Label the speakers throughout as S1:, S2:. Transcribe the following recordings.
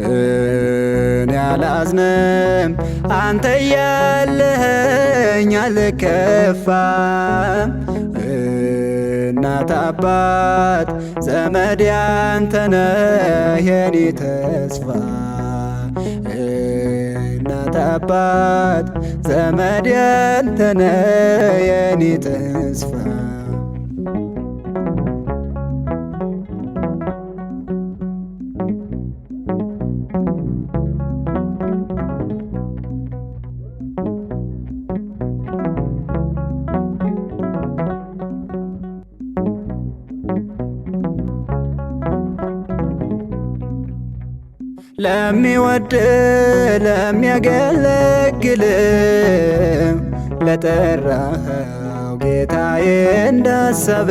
S1: እኔ አላዝንም አንተ ያለኸኝ አልከፋም። እናት አባት ዘመድ ያንተ ነህ የኔ ተስፋ እናት አባት ዘመድ ያንተ ነህ የኔ ተስፋ ለሚወድ ለሚያገለግል ለጠራኸው ጌታዬ እንዳሰብ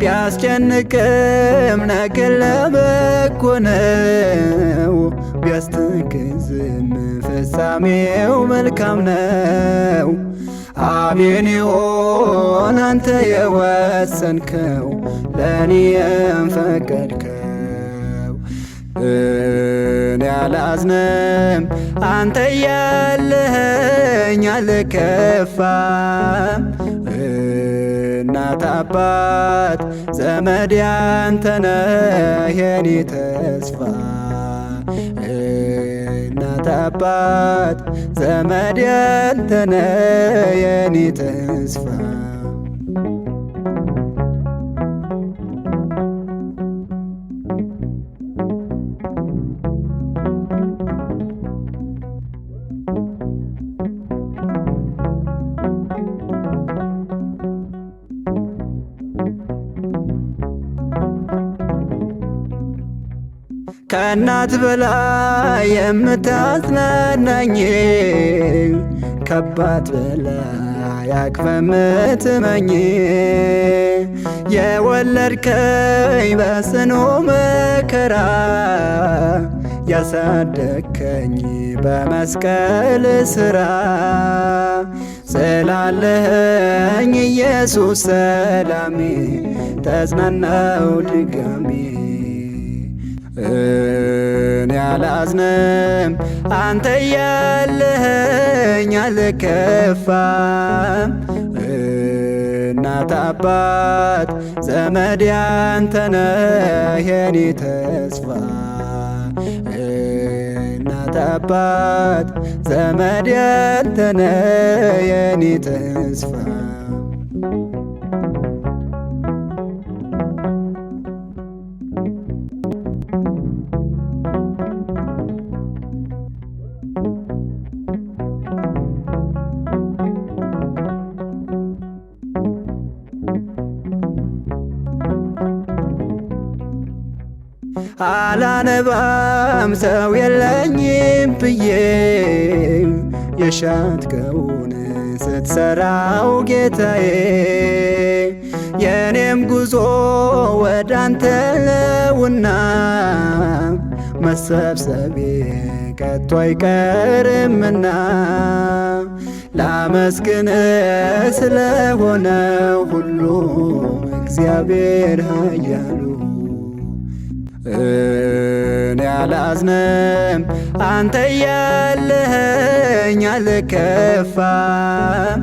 S1: ቢያስጨንቅም ነገር ለበጎ ነው፣ ቢያስጠንቅም ፍጻሜው መልካም ነው። አሜን ይሆን አንተ የወሰንከው ለእኔ የፈቀድከው እኔ አላዝንም አንተ ያለኝ አልከፋም። እናት አባት ዘመድ ያንተ ነህ የኔ ተስፋ እናት አባት ዘመድ ያንተ ነህ የኔ ተስፋ ከእናት በላይ የምታዝናናኝ ከአባት በላይ አቅፈ የወለድከኝ በጽኑ መከራ ያሳደከኝ በመስቀል ስራ ስላለኸኝ ኢየሱስ ሰላሜ ተጽናናው ድጋሜ እኔ አላዝንም አንተ ያለኸኝ አልከፋም። እናት አባት ዘመድ ያንተ ነህ የኔ ተስፋ እናት አባት ዘመድ ያንተ ነህ የኔ ተስፋ አላነባም ሰው የለኝም ብዬ የሻትከውን ስትሰራው ጌታዬ የእኔም ጉዞ ወዳንተ ነውና መሰብሰቤ ከቶ አይቀርምና ላመስግን ስለሆነ ሁሉ እግዚአብሔር ኃያሉ እኔ አላዝነም አንተ ያለኸኝ አልከፋም።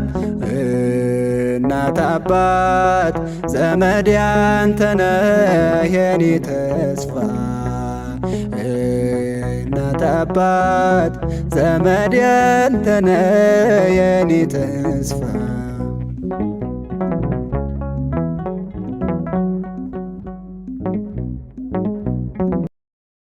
S1: እናት አባት ዘመድ የኔ ተስፋ የእናት አባት ዘመድ ያንተነ የኔ ተስፋ